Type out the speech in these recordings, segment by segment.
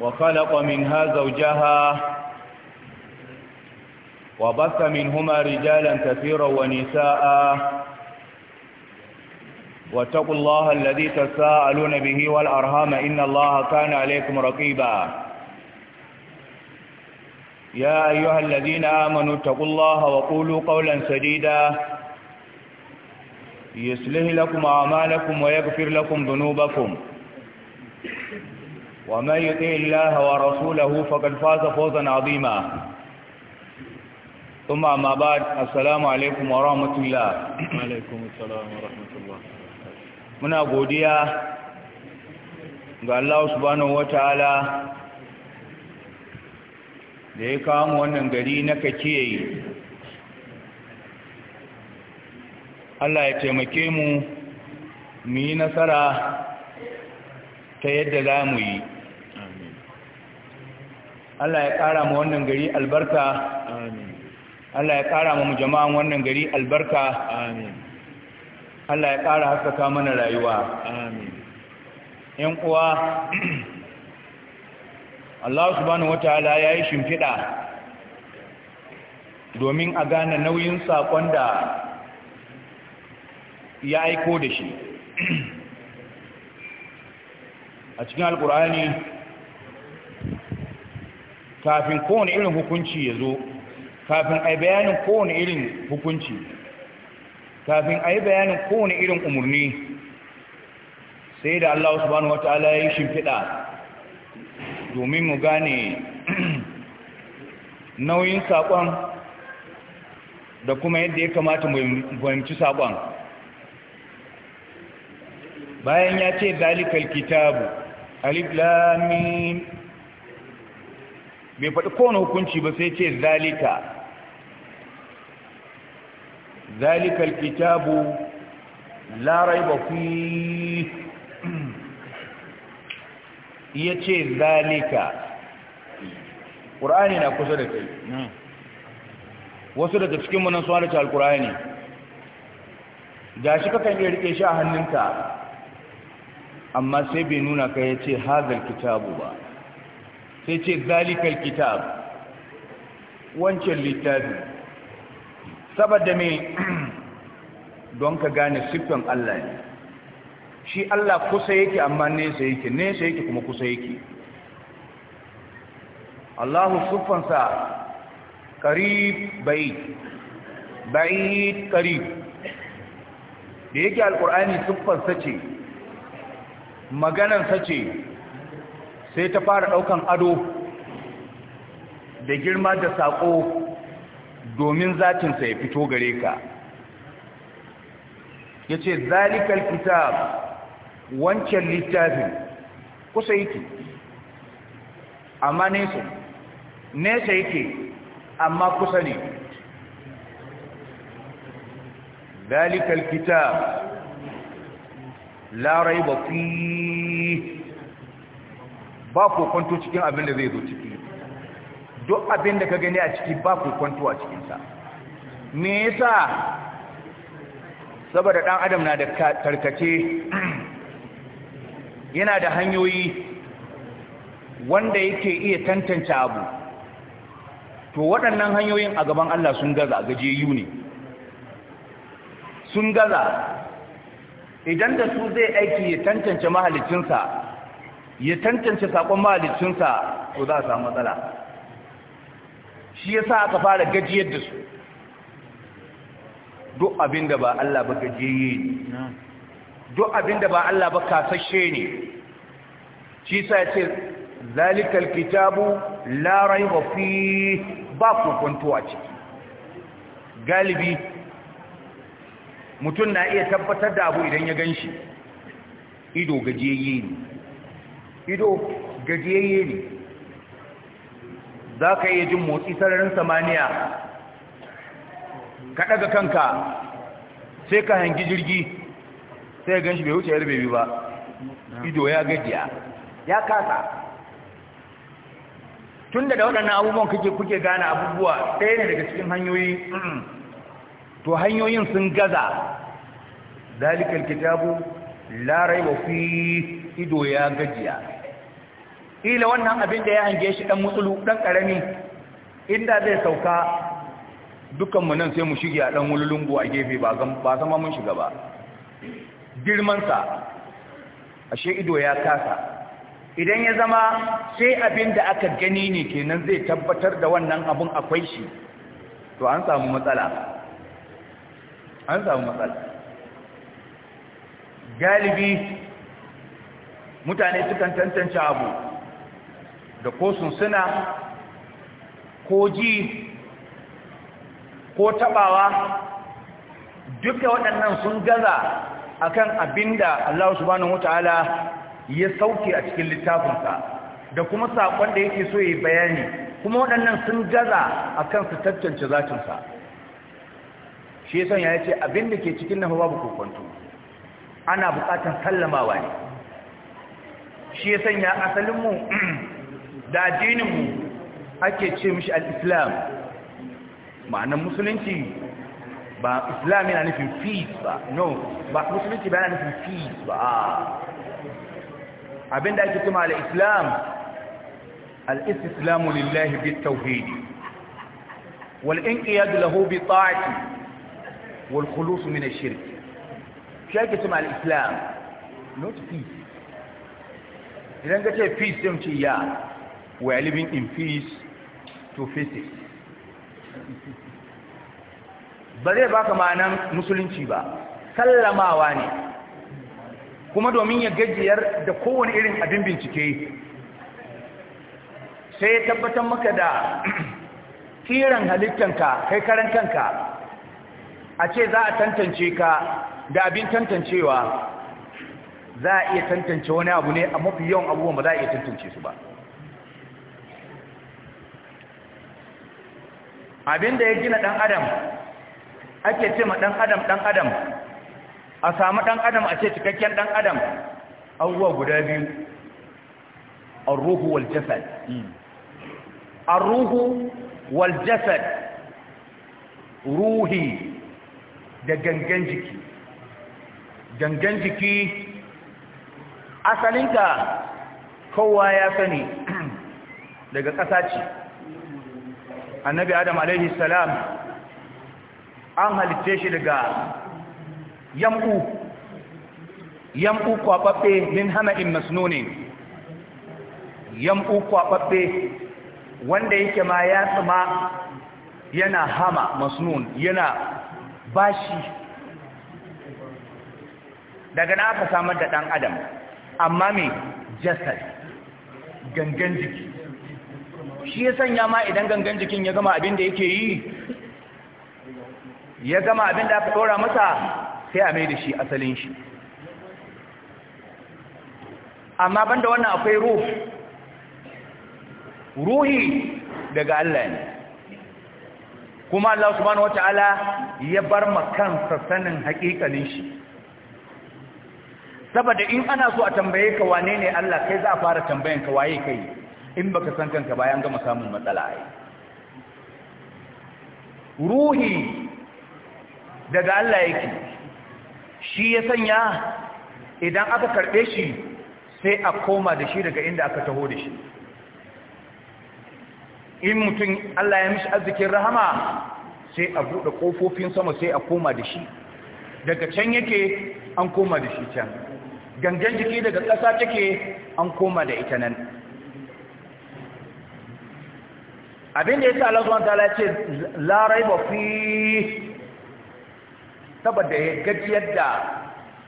وخلق منها زوجها وبث منهما رجالا كثيرا ونساء واتقوا الله الذي تساءلون به والأرهام إن الله كان عليكم رقيبا يا أيها الذين آمنوا اتقوا الله وقولوا قولا سديدا يسله لكم أعمالكم ويغفر لكم ذنوبكم ومن يطيع الله ورسوله فقد فاز فوزا عظيما ثم ما بعد السلام عليكم ورحمة الله وعليكم السلام ورحمة الله muna godiya ga Allah subhanahu wataala da ya kawo mu wannan gari na kakiyayi Allah ya taimake mu mu yi nasara ta yadda za mu yi Allah ya ƙara ma wannan gari albarka Allah ya ƙara ma jama'an wannan gari albarka Allah ya ƙara haskaka mana rayuwa ‘yan uwa Allah subhanahu wataala ya yi shimfiɗa domin a gane nauyin saƙon da ya aiko da shi a cikin alƙur'ani kafin kowane irin hukunci ya zo kafin a yi bayanin kowane irin hukunci kafin a yi bayanin kowane irin umarni sai da Allah subhanahu wata'ala ya yi shimfiɗa domin mu gane nauyin saƙon da kuma yadda ya kamata mu fahimci saƙon bayan ya ce dalikal kitabu alif lamim bai faɗi kowane hukunci ba sai ce zalika zalikal kitabu la raiba fi ya ce zalika ƙur'ani na kusa da kai wasu daga cikin munan su halitta alƙur'ani Da shi kakan iya rike shi a hannunka amma sai bai nuna ka ya ce hazar kitabu ba sai ce zalikal kitab wancan littafi saboda me don ka gane siffin Allah ne shi Allah kusa yake amma nesa yake nesa yake kuma kusa yake Allahu siffansa qarib ba'id ba'id qarib da yake alqur'ani siffansa ce maganansa ce sai ta fara ɗaukan ado da girma da saƙo domin zatinsa ya fito gare ka ya ce zalikal kitab wancan littafin kusa yake amma nesa nesa yake amma kusa ne zalikal kitab la raiba fi ba kwanto cikin abin da zai zo ciki duk abin da ka gani a ciki ba kwanto a cikinsa me yasa saboda ɗan adam na da tarkace yana da hanyoyi wanda yake iya tantance abu to waɗannan hanyoyin a gaban Allah sun gaza yu ne sun gaza idan da su zai aiki ya tantance mahalicinsa ya tantance sakon mahalicinsa ko za a samu matsala shi ya sa aka fara gajiyar da su duk abinda ba Allah ba gajiye ne duk abin da ba Allah ba kasashe ne shi sa ya ce zalikal kitabu larai fi ba kokonto a ciki galibi mutum na iya tabbatar da abu idan ya gan shi ido gajiye ne ido gajiyayye ne za ka iya jin motsi sararin samaniya ka ɗaga kanka sai ka hangi jirgi sai gan shi bai wuce yar bebi ba ido ya gajiya ya kasa tun da waɗannan abubuwan kake kuke gane abubuwa ɗaya ne daga cikin hanyoyi to hanyoyin sun gaza dalikal kitabu larai wa fi ido ya gajiya ila wannan abin da ya hange shi dan mutsulu dan karami inda zai sauka dukan mu nan sai mu shige a dan wululungu a gefe ba ba sama mun shiga ba girman sa ashe ido ya kasa idan ya zama sai abin da aka gani ne kenan zai tabbatar da wannan abun akwai shi to an samu matsala an samu matsala galibi mutane sukan tantance abu da ko sunsuna ko ji ko tabawa duka waɗannan sun gaza akan abinda Allah subhanahu wataala ya sauke a cikin littafinsa da kuma saƙon da yake so ya bayani kuma waɗannan sun gaza akan su tattance zatinsa shi son ya ce abinda ke cikin nan babu kokonto ana buƙatar sallamawa ne shi ya ya asalin mu da addininmu ake ce mishi al-islam ma'anan musulunci ba islam yana nufin fees ba no ba musulunci ba yana nufin fees ba abinda ake kuma al-islam al-istislamu lillahi bit-tauhid wal-inqiyad lahu bi ta'ati wal-khulus min ash-shirk shirki kuma al not fees idan ka ce fees sai mu ya we are living in peace to physics ba zai baka ma'anan musulunci ba sallamawa ne kuma domin ya gajiyar da kowane irin abin bincike sai ya tabbatar maka da kiran halittanka kai karan kanka a ce za a tantance ka da abin tantancewa za a iya tantance wani abu ne a mafi yawan abubuwan ba za a iya tantance su ba abinda ya gina dan adam ake ce ma dan adam dan adam a samu dan adam a ce cikakken dan adam abubuwa guda biyu a ruhu wal jasad ruhu wal jasad ruhi da gangan jiki gangan jiki asalinka kowa ya sani daga ƙasa ce annabi adam alaihi salam an halitta shi daga yam'u yam'u kwababbe min hama'in masnuni yam'u kwababbe wanda yake ma ya tsama yana hama masnun yana bashi daga na aka samar da ɗan adam amma mai jasad gangan jiki shi ya sanya ma idan gangan jikin ya gama abin da yake yi ya gama abin da aka ɗora masa sai a mai da shi asalin shi amma banda wannan akwai ruh ruhi daga Allah ne kuma Allah subhanahu wata'ala ya bar makan sanin haƙiƙanin shi saboda in ana so a tambaye ka wane ne Allah kai za a fara tambayen ka waye kai in ba ka san kanka ba ya gama samun matsala ai ruhi daga Allah yake shi ya sanya idan aka karɓe shi sai a koma da shi daga inda aka taho da shi in mutum Allah ya mishi arzikin rahama sai a buɗe ƙofofin sama sai a koma da shi daga can yake an koma da shi can gangan jiki daga ƙasa take an koma da ita nan abin da sa Allah subhanahu wataala ya ce Larai raiba fi saboda ya gajiyar da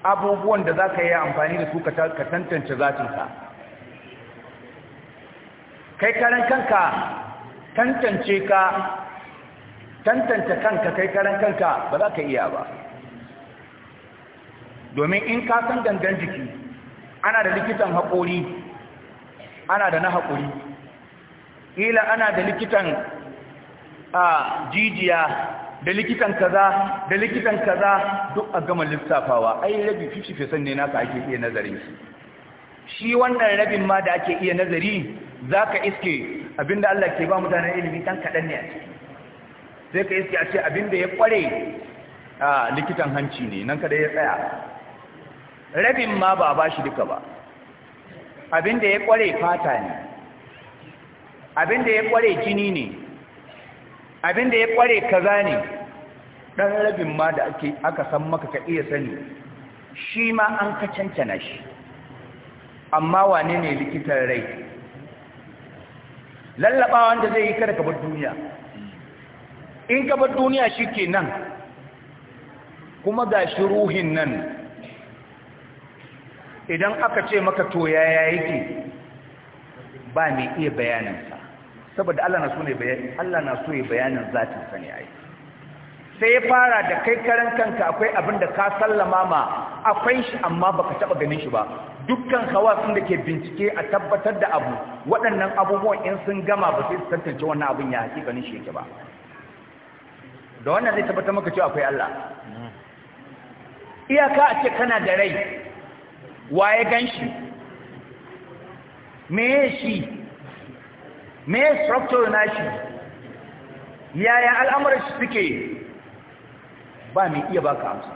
abubuwan da za ka yi amfani da su ka tantance zatinsa. ka kai karen kanka tantance ka tantance kanka kai karen kanka ba za ka iya ba domin in ka san gangan jiki ana da likitan haƙori ana da na haƙori kila ana da likitan a jijiya da likitan kaza da likitan kaza duk a gama lissafawa ai rabi 50% sanne naka ake iya nazarin shi shi wannan rabin ma da ake iya nazari zaka iske abinda Allah ke ba mutane ilimi kan kadan ne a ciki sai ka iske a ce abinda ya kware a likitan hanci ne nan kada ya tsaya rabin ma ba ba shi duka ba abinda ya kware fata ne abinda ya kware jini ne abinda ya kware kaza ne dan rabin ma da ake aka san maka ka iya sani shi ma an ka cancana shi amma wane ne likitan rai lallaba wanda zai yi kada ka bar duniya in ka bar duniya shi ke nan kuma ga shi ruhin nan idan aka ce maka to yaya yake ba mai iya bayaninsa saboda Allah na so ne bayani Allah na so ya bayanin zatin sa ne ai sai ya fara da kai karan kanka akwai abin da ka sallama ma akwai shi amma baka taba ganin shi ba dukkan hawasun da ke bincike a tabbatar da abu waɗannan abubuwan in sun gama ba sai su tantance wannan abin ya hakikanin shi yake ba da wannan zai tabbatar maka cewa akwai Allah iyaka a ce kana da rai waye gan shi me shi me structure shi? yaya al'amuran shi suke ba mai iya baka amsa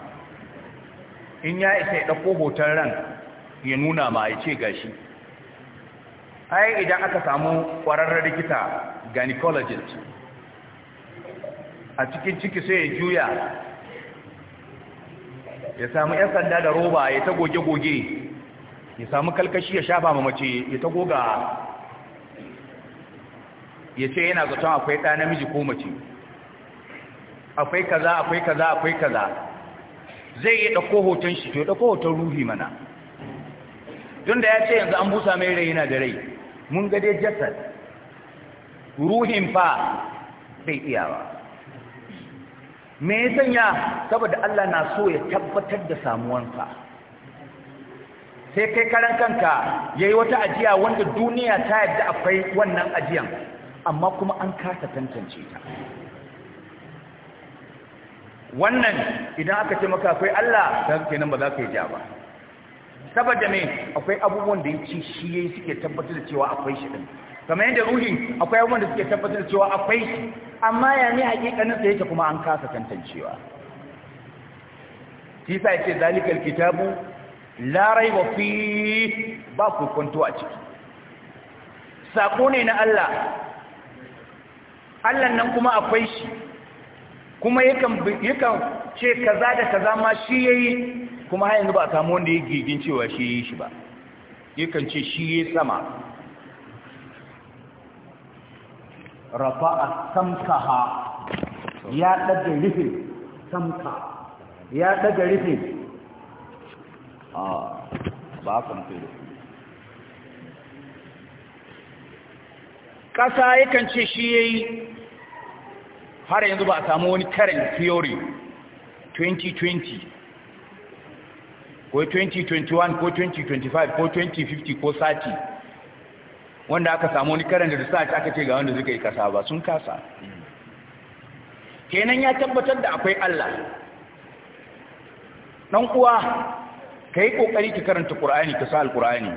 in ya isa ya ɗauko hoton ran ya nuna ma ya ce gashi ai idan aka samu ƙwararren rikita gynecologist a cikin ciki sai ya juya ya samu 'yan sanda da roba ya ta goge-goge ya samu kalkashi ya shafa mamace ya ta goga ya ce yana zaton akwai ɗa namiji ko mace akwai kaza akwai kaza akwai kaza zai iya ɗauko hoton shi to ɗauko hoton ruhi mana tun da ya ce yanzu an busa mai rai yana da rai mun ga dai jasad ruhin fa bai iya ba me ya sanya saboda Allah na so ya tabbatar da samuwansa sai kai karan kanka yayi wata ajiya wanda duniya ta yadda akwai wannan ajiyan amma kuma an kasa tantance ta wannan idan aka ce maka akwai Allah ta kenan ba za ka yi ja ba saboda me akwai abubuwan da yake shi yayi suke tabbatar da cewa akwai shi din kamar yadda ruhi akwai abubuwan da suke tabbatar da cewa akwai shi amma ya ne haƙiƙanin sa yake kuma an kasa tantancewa shi ya yake zalikal kitabu la raiba fi ba ku kwanto a ciki sako ne na Allah Allah nan kuma akwai shi kuma yakan yakan ce kaza da kaza ma shi yayi kuma har yanzu ba a samu wanda ya gigin cewa shi yayi shi ba yakan ce shi yayi sama rafa'a samkaha ya daga rufe samka ya daga rufe ah ba ka ƙasa yakan ce shi ya yi har yanzu ba a samu wani karen theory 2020 ko 2021 ko 2025 ko 2050 ko 30 wanda aka samu wani da research aka ce ga wanda suka yi ƙasa ba sun kasa kenan ya tabbatar da akwai Allah ɗan uwa ka yi ƙoƙari ki karanta ƙur'ani ka sa alƙur'ani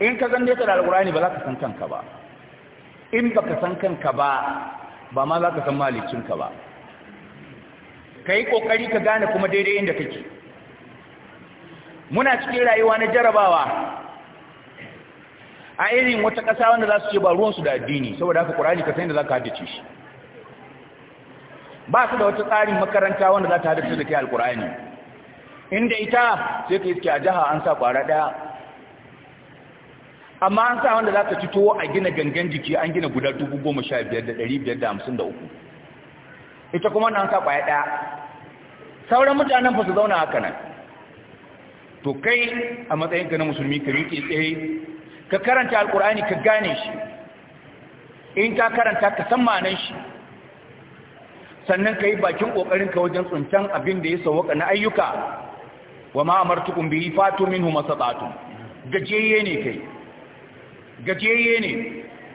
in ka zan ta da alƙur'ani ba za ka san kanka ba in ba ka san kanka ba ba ma za ka san malicinka ba ka yi ƙoƙari ka gane kuma daidai inda kake muna cikin rayuwa na jarabawa a irin wata ƙasa wanda za su ce ba ruwansu da addini saboda haka ƙurani ka san da za ka haddace shi ba su da wata tsarin makaranta wanda za ta haddace da kai alƙurani inda ita sai ka yi suke a jiha an sa ƙwara ɗaya amma an sa wanda za ka fito a gina gangan jiki an gina guda dubu ita kuma na sa ƙwaya ɗaya sauran mutanen fa zauna haka nan to kai a matsayinka na musulmi ka rike tsaye ka karanta alkur'ani ka gane shi in ka karanta ka san ma'anar shi sannan ka yi bakin ka wajen tsuntan abin da ya sauwaka na ayyuka wa ma'amar tukun bihi fatu minhu gajeye ne kai gajiyayye ne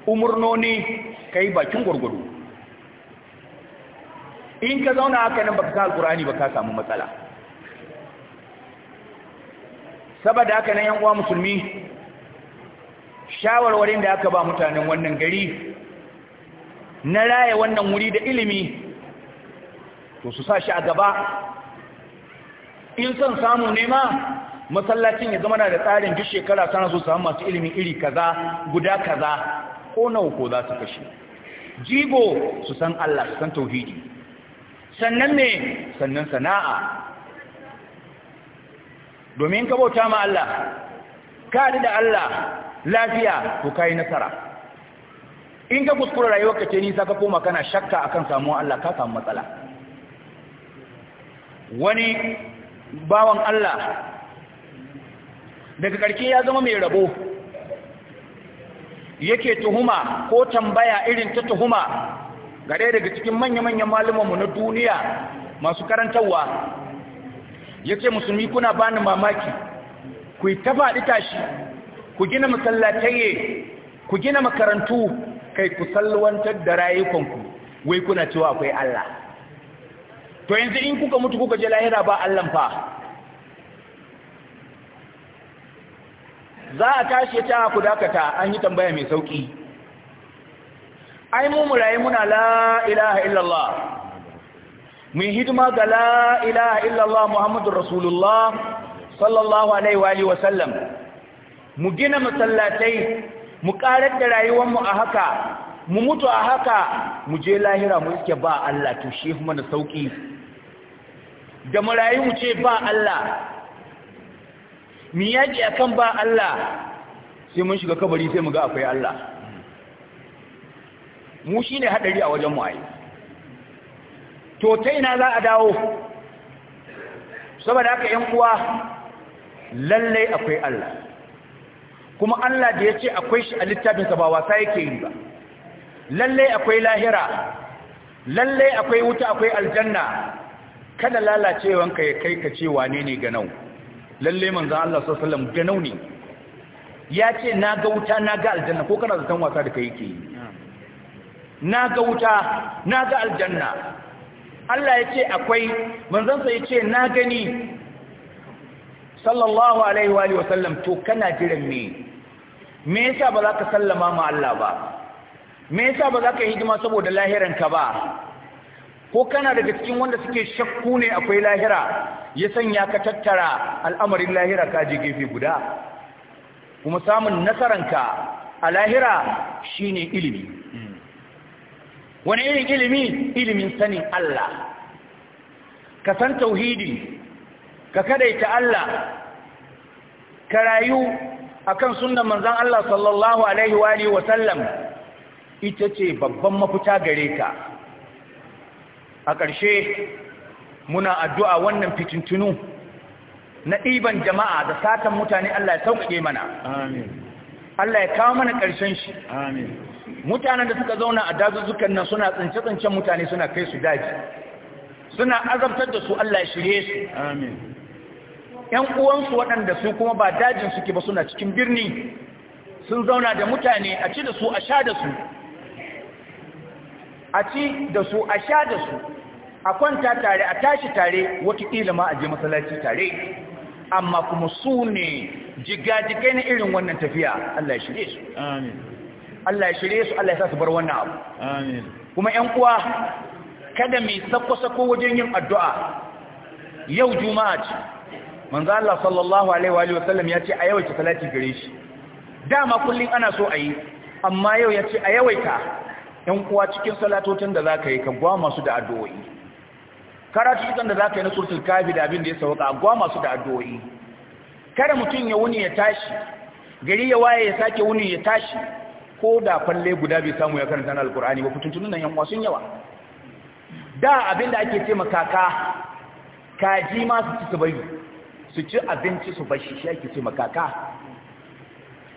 umurnoni ka yi bakin gwargwado in ka zauna haka nan baka sa alkurani ba ka samu matsala saboda haka nan yan uwa musulmi shawarwarin da aka ba mutanen wannan gari na raya wannan wuri da ilimi to su sa shi a gaba in son samu nema masallacin ya zama na da tsarin duk shekara tana so samu masu ilimin iri kaza guda kaza ko nawa ko za su kashe jigo su san Allah su san tauhidi sannan ne sannan sana'a domin ka bauta ma Allah ka da Allah lafiya to kai nasara in ka kuskura ka ce nisa ka koma kana shakka akan samuwa Allah ka samu matsala wani bawan Allah daga ƙarshe ya zama mai rabo yake tuhuma ko tambaya irin ta tuhuma gare daga cikin manya-manyan malumanmu na duniya masu karantarwa ya ce musulmi kuna bani mamaki ku yi ta faɗi tashi ku gina masallataye ku gina makarantu kai ku salwantar da rayukanku wai kuna cewa akwai Allah to yanzu in kuka mutu kuka je lahira ba Allah fa za a tashi ya ta ah, ku dakata an yi tambaya mai sauki ai mu murayi muna la ilaha illallah mu yi hidima ga la ilaha illallah muhammadu rasulullah sallallahu alaihi wa mu gina masallatai mu ƙarar da rayuwarmu a haka mu mutu a haka mu je lahira mu iske ba Allah to shi mana sauki da mu mu ce ba Allah mi yaƙi akan ba Allah sai mun shiga kabari sai mu ga akwai Allah mu shi ne haɗari a wajen mu ayi to ta ina za a dawo saboda aka yin uwa lallai akwai Allah kuma Allah da ya ce akwai shi a littafinsa ba wasa yake yi ba lallai akwai lahira lallai akwai wuta akwai aljanna kada lalacewanka ya kai ka ce wane ne ga nau lalle manzo Allah sallallahu alaihi wasallam ganau ne ya ce na ga wuta na ga aljanna ko kana zaton wasa da kai yake yi na ga wuta na ga aljanna Allah ya ce akwai manzansa ya ce na gani sallallahu alaihi wa sallam to kana jiran me me yasa ba za ka sallama ma Allah ba me yasa ba za ka yi hidima saboda lahiranka ba ko kana daga cikin wanda suke shakku ne akwai lahira ya sanya ka tattara al'amarin lahira ka je gefe guda kuma samun nasaranka a lahira shine ilimi wani irin ilimi ilimin sanin Allah ka san tauhidi ka kadaita Allah ka rayu akan sunnan manzon Allah sallallahu alaihi wa sallam ita ce babban mafita gare ka a ƙarshe muna addu'a wannan fitintunu na ɗiban jama'a da satan mutane Allah ya sauƙaƙe mana Allah ya kawo mana ƙarshen shi mutanen da suka zauna a dazuzzukan nan suna tsince-tsincen mutane suna kai su daji suna azabtar da su Allah ya shirye su ‘yan uwansu waɗanda su kuma ba dajin suke ba suna cikin birni sun zauna da mutane a ci da su a sha a ci da su a sha da su a kwanta tare a tashi tare watakila ma a je masallaci tare amma kuma su ne jigajigai na irin wannan tafiya Allah ya shirye su Allah ya shirye su Allah ya sa su bar wannan abu kuma ƴan uwa kada mai sako-sako wajen yin addu'a yau juma'a ce manzo Allah sallallahu alaihi wa sallam ya ce a yawaita salati gare shi dama kullum ana so a yi amma yau ya ce a yawaita ‘yan kuwa cikin salatotin da za ka yi ka gwa masu da addu'o'i karatu da za ka yi na surtul kafi da abin da ya sauka agwa masu da addu'o'i kada mutum ya wuni ya tashi gari ya waye ya sake wuni ya tashi ko da falle guda bai samu ya karanta na alkur'ani ba fitintunan nan yan sun yawa da abin da ake ce makaka kaji ma su ci su bari su ci abinci su bashi shi ake ce makaka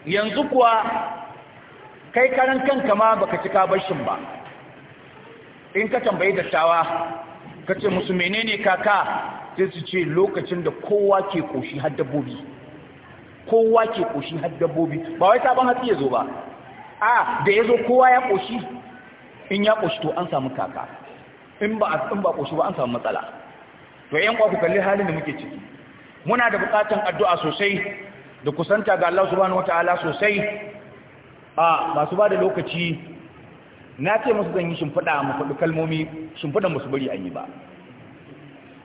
yanzu kuwa kai karan kanka ma baka cika bashin ba in ka tambayi dattawa ka ce musu menene kaka sai su ce lokacin da kowa ke koshi har dabbobi kowa ke koshi har dabbobi ba wai sabon hatsi ya zo ba a da ya zo kowa ya koshi in ya koshi to an samu kaka in ba in ba koshi ba an samu matsala to yan kwa ku kalli halin da muke ciki muna da bukatun addu'a sosai da kusanta ga Allah subhanahu wataala sosai a masu ba da lokaci na ce musu zan yi shimfiɗa mu faɗi kalmomi shimfiɗa musu bari an yi ba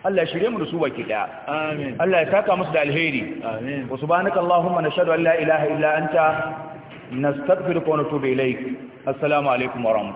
Allah ya shirye mu da su baki ɗaya. Allah ya saka musu da alheri amin wa subhanaka allahumma nashhadu an la ilaha illa anta nastaghfiruka wa natubu ilayk assalamu alaikum wa rahmatullahi